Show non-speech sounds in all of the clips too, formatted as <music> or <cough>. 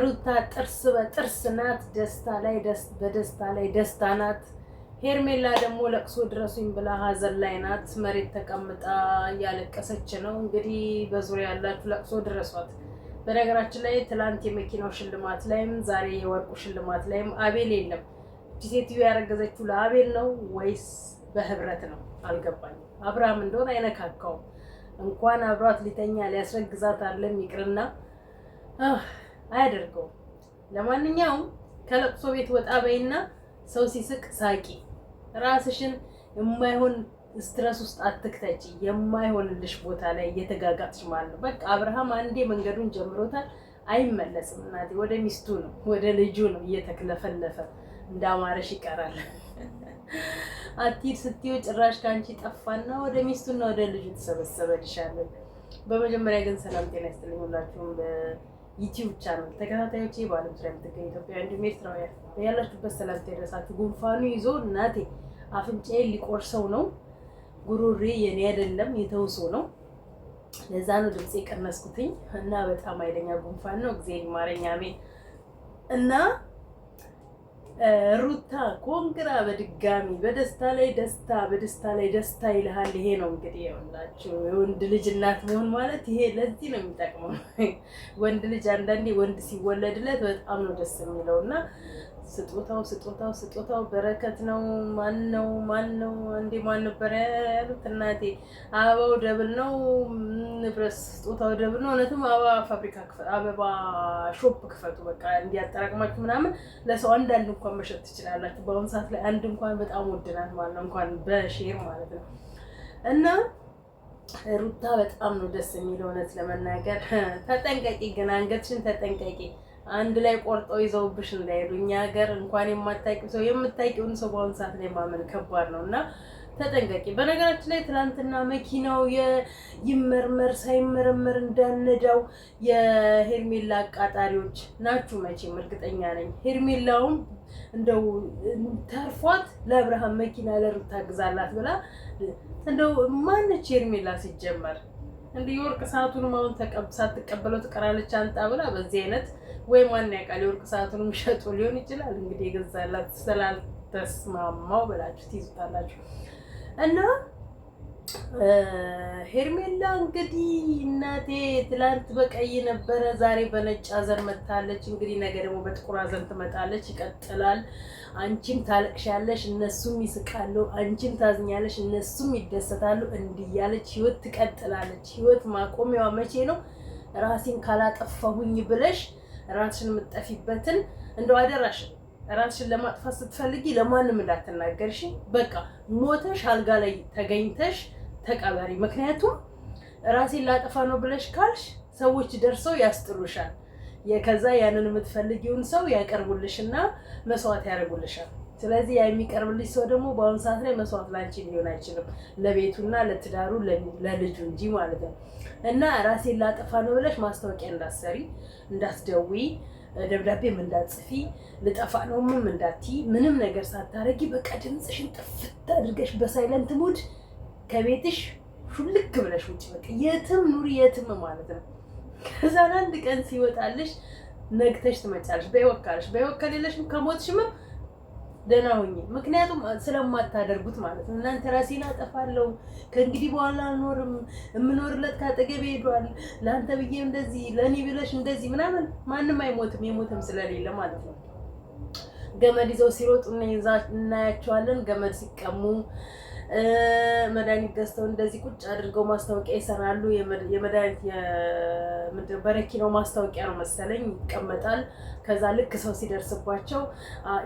ሩታ ጥርስ በጥርስ ናት። ደስታ ላይ በደስታ ላይ ደስታ ናት። ሄርሜላ ደግሞ ለቅሶ ድረሱኝ ብላ ሀዘን ላይ ናት። መሬት ተቀምጣ እያለቀሰች ነው። እንግዲህ በዙሪያ ያላችሁ ለቅሶ ድረሷት። በነገራችን ላይ ትላንት የመኪናው ሽልማት ላይም ዛሬ የወርቁ ሽልማት ላይም አቤል የለም። እቺ ሴትዮ ያረገዘችው ለአቤል ነው ወይስ በህብረት ነው? አልገባኝም። አብርሃም እንደሆነ አይነካካውም። እንኳን አብሯት ሊተኛ ሊያስረግዛት አለም ይቅርና አያደርገው። ለማንኛውም ከለቅሶ ቤት ወጣ በይና ሰው ሲስቅ ሳቂ። ራስሽን የማይሆን ስትረስ ውስጥ አትክተጪ። የማይሆንልሽ ቦታ ላይ እየተጋጋጥሽ ማለት ነው። በቃ አብርሃም አንዴ መንገዱን ጀምሮታል፣ አይመለስም። እናቴ ወደ ሚስቱ ነው ወደ ልጁ ነው እየተክለፈለፈ እንዳማረሽ ይቀራል። <laughs> አትሂድ ስትይው ጭራሽ ከአንቺ ጠፋና ወደ ሚስቱና ወደ ልጁ ተሰበሰበልሻለች። በመጀመሪያ ግን ሰላም ጤና ይስጥልኝ ሁላችሁም ዩቲዩብ ቻናል ተከታታዮች በዓለም ዙሪያ የምትገኙ ኢትዮጵያ እንዲሁም ኤርትራውያን ያላችሁበት ሰላምታ ይድረሳችሁ። ጉንፋኑ ይዞ እናቴ አፍንጫዬ ሊቆርሰው ነው። ጉሮሬ የኔ አይደለም የተውሶ ነው። ለዛ ነው ድምፅ የቀነስኩትኝ እና በጣም ኃይለኛ ጉንፋን ነው። ጊዜ ማረኛ አሜን እና ሩታ ኮንግራ በድጋሚ በደስታ ላይ ደስታ በደስታ ላይ ደስታ ይልሃል። ይሄ ነው እንግዲህ የሁላችሁ የወንድ ልጅ እናት መሆን ማለት ይሄ ለዚህ ነው የሚጠቅመው። <laughs> ወንድ ልጅ አንዳንዴ ወንድ ሲወለድለት በጣም ነው ደስ የሚለው እና ስጦታው ስጦታው ስጦታው በረከት ነው። ማን ነው ማን ነው? እንዴ ማን ነበር ያሉት እናቴ። አበባው ደብል ነው ንብረት ስጦታው ደብል ነው። እውነትም አበባ ፋብሪካ አበባ ሾፕ ክፈቱ፣ በቃ እንዲያጠራቅማችሁ ምናምን ለሰው አንድ አንድ እንኳን መሸጥ ትችላላችሁ። በአሁኑ ሰዓት ላይ አንድ እንኳን በጣም ወድናት ማለት ነው፣ እንኳን በሼር ማለት ነው። እና ሩታ በጣም ነው ደስ የሚል እውነት ለመናገር ተጠንቀቂ፣ ግን አንገትሽን ተጠንቀቂ። አንድ ላይ ቆርጠው ይዘውብሽ እንዳይሉ እኛ ሀገር እንኳን የማታውቂው ሰው የምታውቂውን ሰው በአሁኑ ሰዓት ላይ ማመን ከባድ ነው እና ተጠንቀቂ። በነገራችን ላይ ትናንትና መኪናው ይመርመር ሳይመረመር እንዳነዳው የሄርሜላ አቃጣሪዎች ናችሁ መቼም እርግጠኛ ነኝ። ሄርሜላውም እንደው ተርፏት ለአብርሃም መኪና ለሩታ ግዛላት ብላ እንደው ማነች ሄርሜላ ሲጀመር እንደ የወርቅ ሰዓቱንም አሁን ሳትቀበለው ትቀራለች አንጣ ብላ በዚህ አይነት ወይ ማን ያውቃል፣ የወርቅ ሰዓቱንም ሸጦ ሊሆን ይችላል። እንግዲህ የገዛላት ስላልተስማማው ብላችሁ ትይዙታላችሁ እና ሄርሜላ እንግዲህ እናቴ ትላንት በቀይ ነበረ፣ ዛሬ በነጭ አዘር መታለች። እንግዲህ ነገ ደግሞ በጥቁር አዘን ትመጣለች። ይቀጥላል። አንቺም ታለቅሻለሽ፣ እነሱም ይስቃሉ። አንቺም ታዝኛለሽ፣ እነሱም ይደሰታሉ። እንዲህ ህይወት ትቀጥላለች። ህይወት ማቆሚያዋ መቼ ነው? ራሴን ካላጠፋሁኝ ብለሽ ራስሽን የምጠፊበትን እንደው አደራሽ ራስሽን ለማጥፋት ስትፈልጊ ለማንም እንዳትናገርሽ። በቃ ሞተሽ አልጋ ላይ ተገኝተሽ ተቀበሪ። ምክንያቱም ራሴን ላጠፋ ነው ብለሽ ካልሽ ሰዎች ደርሰው ያስጥሉሻል። ከዛ ያንን የምትፈልጊውን ሰው ያቀርቡልሽና መስዋዕት ያደርጉልሻል። ስለዚህ ያ የሚቀርብልሽ ሰው ደግሞ በአሁኑ ሰዓት ላይ መስዋዕት ላንቺ ሊሆን አይችልም፣ ለቤቱና ለትዳሩ ለልጁ እንጂ ማለት ነው። እና ራሴን ላጠፋ ነው ብለሽ ማስታወቂያ እንዳትሰሪ፣ እንዳስደዊ ደብዳቤም እንዳትጽፊ፣ ልጠፋ ነው ምም ምንም ነገር ሳታረጊ በቃ ድምፅሽን ጥፍት አድርገሽ በሳይለንት ሙድ ከቤትሽ ሹልክ ብለሽ ውጭ በቃ የትም ኑሪ የትም ማለት ነው። ከዛ አንድ ቀን ሲወጣልሽ ነግተሽ ትመጫለሽ። በይወካልሽ በይወካልለሽም ከሞትሽም ደህና ሁኚ። ምክንያቱም ስለማታደርጉት ማለት ነው። እናንተ ራሴን አጠፋለሁ ከእንግዲህ በኋላ አልኖርም፣ የምኖርለት ካጠገቤ ሄዷል፣ ለአንተ ብዬ እንደዚህ ለእኔ ብለሽ እንደዚህ ምናምን ማንም አይሞትም፣ የሞትም ስለሌለ ማለት ነው። ገመድ ይዘው ሲሮጡ እናያቸዋለን፣ ገመድ ሲቀሙ መድኃኒት ገዝተው እንደዚህ ቁጭ አድርገው ማስታወቂያ ይሰራሉ። የመድኃኒት በረኪናው ማስታወቂያ ነው መሰለኝ ይቀመጣል። ከዛ ልክ ሰው ሲደርስባቸው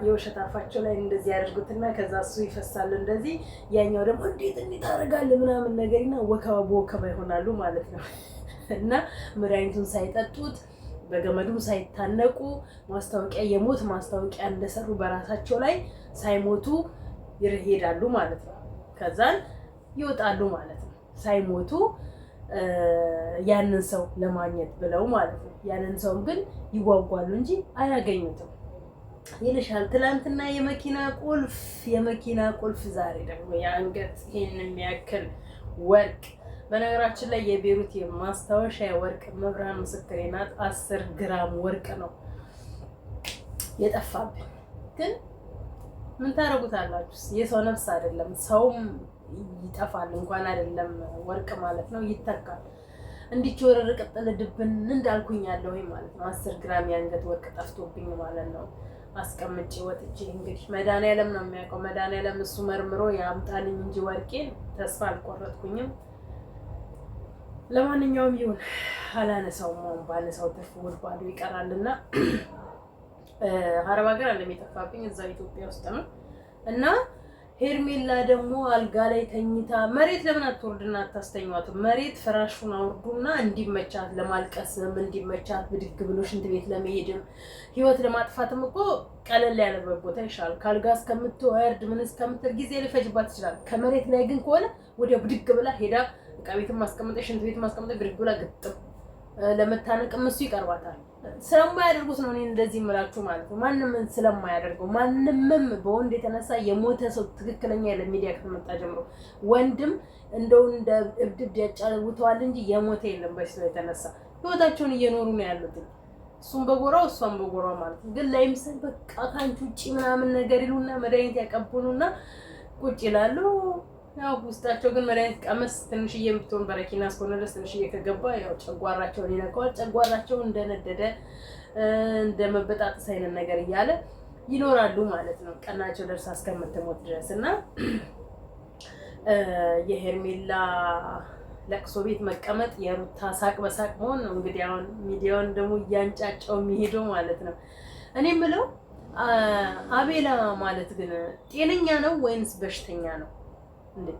የውሸት አፋቸው ላይ እንደዚህ ያደርጉትና ከዛ እሱ ይፈሳል እንደዚህ፣ ያኛው ደግሞ እንዴት እንዴት አደርጋለሁ ምናምን ነገርና ወከባ በወከባ ይሆናሉ ማለት ነው <laughs> እና መድኃኒቱን ሳይጠጡት በገመዱም ሳይታነቁ ማስታወቂያ የሞት ማስታወቂያ እንደሰሩ በራሳቸው ላይ ሳይሞቱ ይሄዳሉ ማለት ነው። ከዛን ይወጣሉ ማለት ነው ሳይሞቱ ያንን ሰው ለማግኘት ብለው ማለት ነው። ያንን ሰውም ግን ይጓጓሉ እንጂ አያገኙትም። ይልሻል ትላንትና የመኪና ቁልፍ የመኪና ቁልፍ፣ ዛሬ ደግሞ የአንገት ይህን የሚያክል ወርቅ። በነገራችን ላይ የቤሩት የማስታወሻ የወርቅ መብርሃን ምስክሬ ናት። አስር ግራም ወርቅ ነው የጠፋብን ግን ምን ታደርጉታላችሁ? የሰው ነፍስ አይደለም ሰውም ይጠፋል እንኳን አይደለም ወርቅ ማለት ነው ይተካል። እንዲች ወረር ቅጥል ድብን እንዳልኩኝ ያለው ማለት ነው። አስር ግራም የአንገት ወርቅ ጠፍቶብኝ ማለት ነው አስቀምጬ ወጥቼ እንግዲህ መድኃኒዓለም ነው የሚያውቀው። መድኃኒዓለም እሱ መርምሮ የአምጣልኝ እንጂ ወርቄን ተስፋ አልቆረጥኩኝም። ለማንኛውም ይሁን አላነሳውም። አሁን ባነሳው ትርፍ ውድ ባዶ ይቀራልና <clears throat> አረብ ሀገር አለም የጠፋብኝ እዛ ኢትዮጵያ ውስጥ ነው። እና ሄርሜላ ደግሞ አልጋ ላይ ተኝታ መሬት ለምን አትወርድና አታስተኛትም? መሬት ፍራሹን አውርዱና እንዲመቻት ለማልቀስም እንዲመቻት ብድግ ብሎ ሽንት ቤት ለመሄድም ህይወት ለማጥፋትም እኮ ቀለል ያለበት ቦታ ይሻል። ከአልጋ እስከምትወርድ ምን እስከምትል ጊዜ ሊፈጅባት ይችላል። ከመሬት ላይ ግን ከሆነ ወዲያ ብድግ ብላ ሄዳ እቃ ቤትን ማስቀመጠ ሽንት ቤት ማስቀመጠ ብድግ ብላ ግጥም ለመታነቅም እሱ ይቀርባታል። ስለማያደርጉት ነው። እኔ እንደዚህ የምላችሁ ማለት ነው። ማንም ስለማያደርገው ማንምም በወንድ የተነሳ የሞተ ሰው ትክክለኛ የለም። ሚዲያ ከተመጣ ጀምሮ ወንድም እንደው እንደ እብድብ ያጫውተዋል እንጂ የሞተ የለም። በሽታ የተነሳ ህይወታቸውን እየኖሩ ነው ያሉት። እሱም በጎራው እሷም በጎራው ማለት ነው። ግን ላይምሰል በቃ ከአንቺ ውጭ ምናምን ነገር ይሉና መድኃኒት ያቀብሉና ቁጭ ይላሉ። ያው ውስጣቸው ግን መድኃኒት ቀመስ ትንሽዬ የምትሆን በረኪና እስከሆነ ድረስ ትንሽዬ ከገባ ያው ጨጓራቸውን ይነካዋል። ጨጓራቸው እንደነደደ እንደ መበጣጠስ አይነት ነገር እያለ ይኖራሉ ማለት ነው ቀናቸው ደርሳ እስከምትሞት ድረስ እና የሄርሜላ ለቅሶ ቤት መቀመጥ የሩታ ሳቅ በሳቅ መሆን ነው። እንግዲህ አሁን ሚዲያውን ደግሞ እያንጫጫው የሚሄደው ማለት ነው። እኔ ምለው አቤላ ማለት ግን ጤነኛ ነው ወይንስ በሽተኛ ነው? እንዴ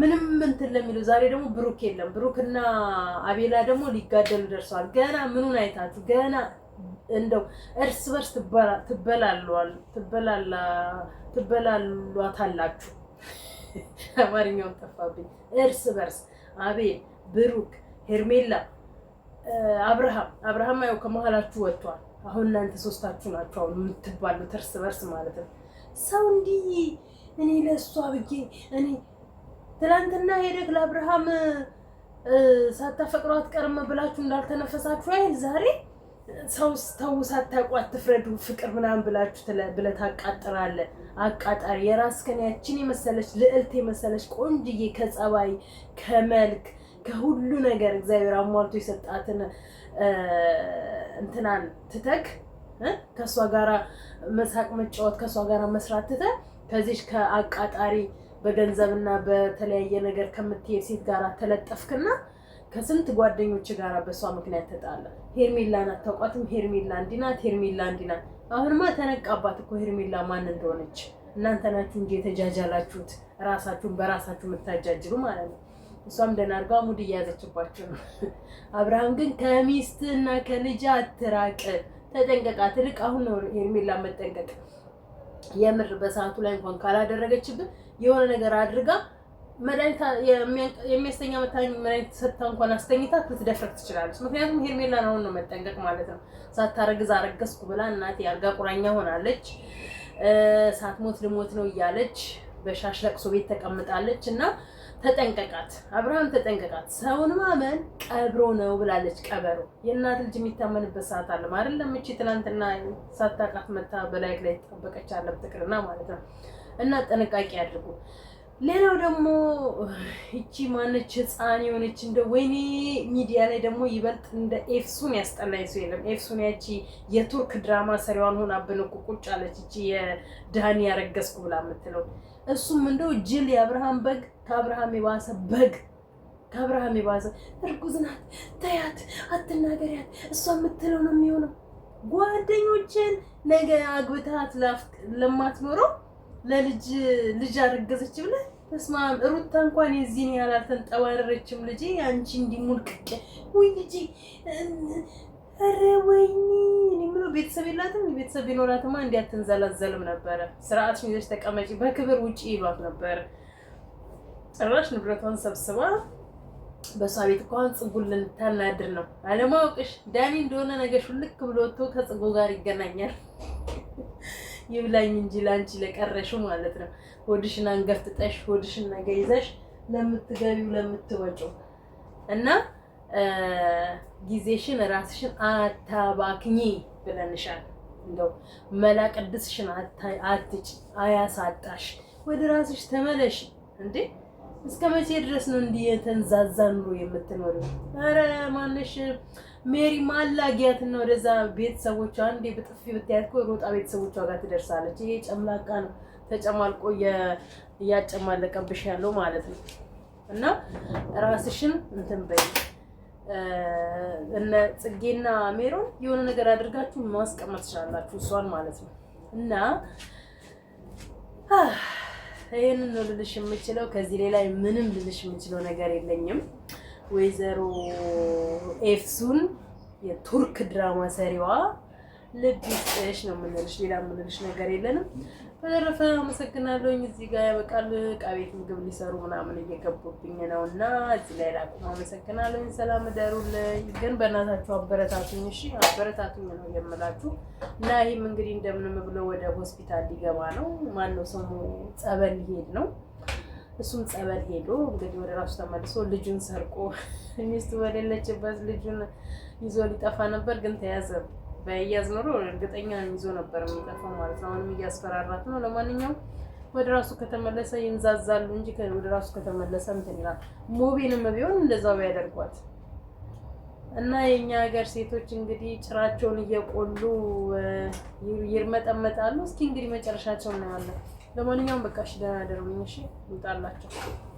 ምንም እንትን ለሚለው ዛሬ ደግሞ ብሩክ የለም። ብሩክና አቤላ ደግሞ ሊጋደሉ ደርሰዋል። ገና ምኑን አይታት ገና እንደው እርስ በርስ ትበላላ ትበላሏታላችሁ። <laughs> አማርኛውን ጠፋብኝ። እርስ በርስ አቤል፣ ብሩክ፣ ሄርሜላ፣ አብርሃም አብርሃም ያው ከመሀላችሁ ወጥቷል። አሁን እናንተ ሶስታችሁ ናችሁ አሁን የምትባሉት እርስ በርስ ማለት ነው ሰው እንዲህ እኔ ለእሷ ብዬ እኔ ትላንትና ሄደግ ለአብርሃም ሳታፈቅሯት ቀርመ ብላችሁ እንዳልተነፈሳችሁ አይል ዛሬ ሰው ተው ሳታውቁ አትፍረዱ ፍቅር ምናምን ብላችሁ ብለህ ታቃጥራለህ። አቃጣሪ የራስህን ያችን የመሰለች ልዕልት የመሰለች ቆንጅዬ ከጸባይ ከመልክ ከሁሉ ነገር እግዚአብሔር አሟልቶ የሰጣትን እንትናን ትተክ ከእሷ ጋራ መሳቅ መጫወት ከእሷ ጋራ መስራት ትተህ ከዚች ከአቃጣሪ በገንዘብና በተለያየ ነገር ከምትሄድ ሴት ጋር ተለጠፍክና ከስንት ጓደኞች ጋር በሷ ምክንያት ተጣለ። ሄርሜላን አታውቋትም? ሄርሜላ እንዲናት፣ ሄርሜላ እንዲናት። አሁንማ ተነቃባት እኮ ሄርሜላ ማን እንደሆነች። እናንተ ናችሁ እንጂ የተጃጃላችሁት፣ ራሳችሁን በራሳችሁ የምታጃጅሉ ማለት ነው። እሷም ደህና አድርጋ ሙድ እያያዘችባቸው ነው። አብርሃም ግን ከሚስትና ከልጅ አትራቅ፣ ተጠንቀቃት። ልቅ አሁን ነው ሄርሜላ መጠንቀቅ የምር በሰዓቱ ላይ እንኳን ካላደረገችብን የሆነ ነገር አድርጋ መድኃኒት የሚያስተኛ መታኝ መድኃኒት ሰጥታ እንኳን አስተኝታ ልትደፍረክ ትችላለች። ምክንያቱም ሄርሜላ ነው ነው መጠንቀቅ ማለት ነው። ሳታረግዝ አረገዝኩ ብላ እናቴ አልጋ ቁራኛ ሆናለች። ሳትሞት ልሞት ነው እያለች በሻሽ ለቅሶ ቤት ተቀምጣለች እና ተጠንቀቃት፣ አብርሃም ተጠንቀቃት። ሰውን ማመን ቀብሮ ነው ብላለች። ቀበሮ የእናት ልጅ የሚታመንበት ሰዓት አለ ማለት ለምቺ ትናንትና ሳታውቃት መታ በላይክ ላይ ተጠበቀች አለ ፍቅርና ማለት ነው። እና ጥንቃቄ አድርጉ። ሌላው ደግሞ እቺ ማነች ህፃን የሆነች እንደ ወይኔ ሚዲያ ላይ ደግሞ ይበልጥ እንደ ኤፍሱን ያስጠላኝ ሰው የለም። ኤፍሱን ያቺ የቱርክ ድራማ ሰሪዋን ሆናብን እኮ ቁጭ አለች። እቺ የድሃን ያረገዝኩ ብላ የምትለው እሱም እንደው ጅል የአብርሃም በግ ከአብርሃም የባሰ በግ ከአብርሃም የባሰ እርጉዝ ናት። ተያት፣ አትናገሪያት፣ እሷ የምትለው ነው የሚሆነው። ጓደኞችን ነገ አግብታት ለማትኖረው ለልጅ ልጅ አረገዘች ብለ ተስማም ሩታ እንኳን የዚህን ያህል አልተንጠባረረችም። ልጅ አንቺ እንዲህ ወይ ልጅ ኧረ ወይኒ እኔ የምለው ቤተሰብ የላትም። ቤተሰብ ቢኖራትማ እንዲህ አትንዘላዘልም ነበረ። ስርዓት ይዘሽ ተቀመጪ፣ በክብር ውጪ ይሏት ነበረ። ጭራሽ ንብረቷን ሰብስባ በእሷ ቤት እንኳን ጽጉን ልንታናድር ነው። አለማወቅሽ ዳኒ እንደሆነ ነገሽ ልክ ብሎ ወጥቶ ከጽጉ ጋር ይገናኛል። ይብላኝ እንጂ ለአንቺ ለቀረሹ ማለት ነው። ሆድሽን አንገፍጥጠሽ ሆድሽን ነገ ይዘሽ ለምትገቢው ለምትወጪው እና ጊዜሽን ራስሽን አታባክኚ ብለንሻል። እንደው መላ ቅድስሽን አትጭ፣ አያሳጣሽ። ወደ ራስሽ ተመለሽ እንዴ እስከ መቼ ድረስ ነው እንዲህ የተንዛዛ ኑሮ የምትኖሪው? አረ ማነሽ ሜሪ ማላጊያትና ወደዛ ቤተሰቦቿ አንዴ በጥፊ ብታያት እኮ ሮጣ ቤተሰቦቿ ጋር ትደርሳለች። ይሄ ጨምላቃ ነው ተጨማልቆ እያጨማለቀብሽ ያለው ማለት ነው። እና ራስሽን እንትን በይ። እነ ጽጌና ሜሮን የሆነ ነገር አድርጋችሁ ማስቀመጥ ትችላላችሁ፣ እሷን ማለት ነው እና ይህንን ነው ልልሽ የምችለው። ከዚህ ሌላ ምንም ልልሽ የምችለው ነገር የለኝም። ወይዘሮ ኤፍሱን የቱርክ ድራማ ሰሪዋ ልብ ይስጥሽ ነው የምንልሽ። ሌላ የምንልሽ ነገር የለንም። በተረፈ አመሰግናለሁኝ። እዚህ ጋር ያበቃል። ዕቃ ቤት ምግብ ሊሰሩ ምናምን እየገቡብኝ ነው እና እዚህ ላይ ላቁም። አመሰግናለሁኝ። ሰላም እደሩልኝ። ግን በእናታችሁ አበረታቱኝ። እሺ አበረታቱኝ ነው የምላችሁ። እና ይህም እንግዲህ እንደምንም ብሎ ወደ ሆስፒታል ሊገባ ነው። ማነው ሰሙ ጸበል ሊሄድ ነው። እሱም ጸበል ሄዶ እንግዲህ ወደ ራሱ ተመልሶ ልጁን ሰርቆ ሚስቱ በሌለችበት ልጁን ይዞ ሊጠፋ ነበር፣ ግን ተያዘ። በያዝ ኖሮ እርግጠኛ ነው ይዞ ነበር የሚጠፋው ማለት ነው። አሁንም እያስፈራራት ነው። ለማንኛውም ወደ ራሱ ከተመለሰ ይንዛዛሉ እንጂ ወደ ራሱ ከተመለሰ እንትን ይላል። ሞቤንም ቢሆን እንደዛ ያደርጓት እና የእኛ ሀገር ሴቶች እንግዲህ ጭራቸውን እየቆሉ ይርመጠመጣሉ። እስኪ እንግዲህ መጨረሻቸው እናያለን። ለማንኛውም በቃ እሺ፣ ደህና ደሩ። እሺ፣ ይውጣላቸው።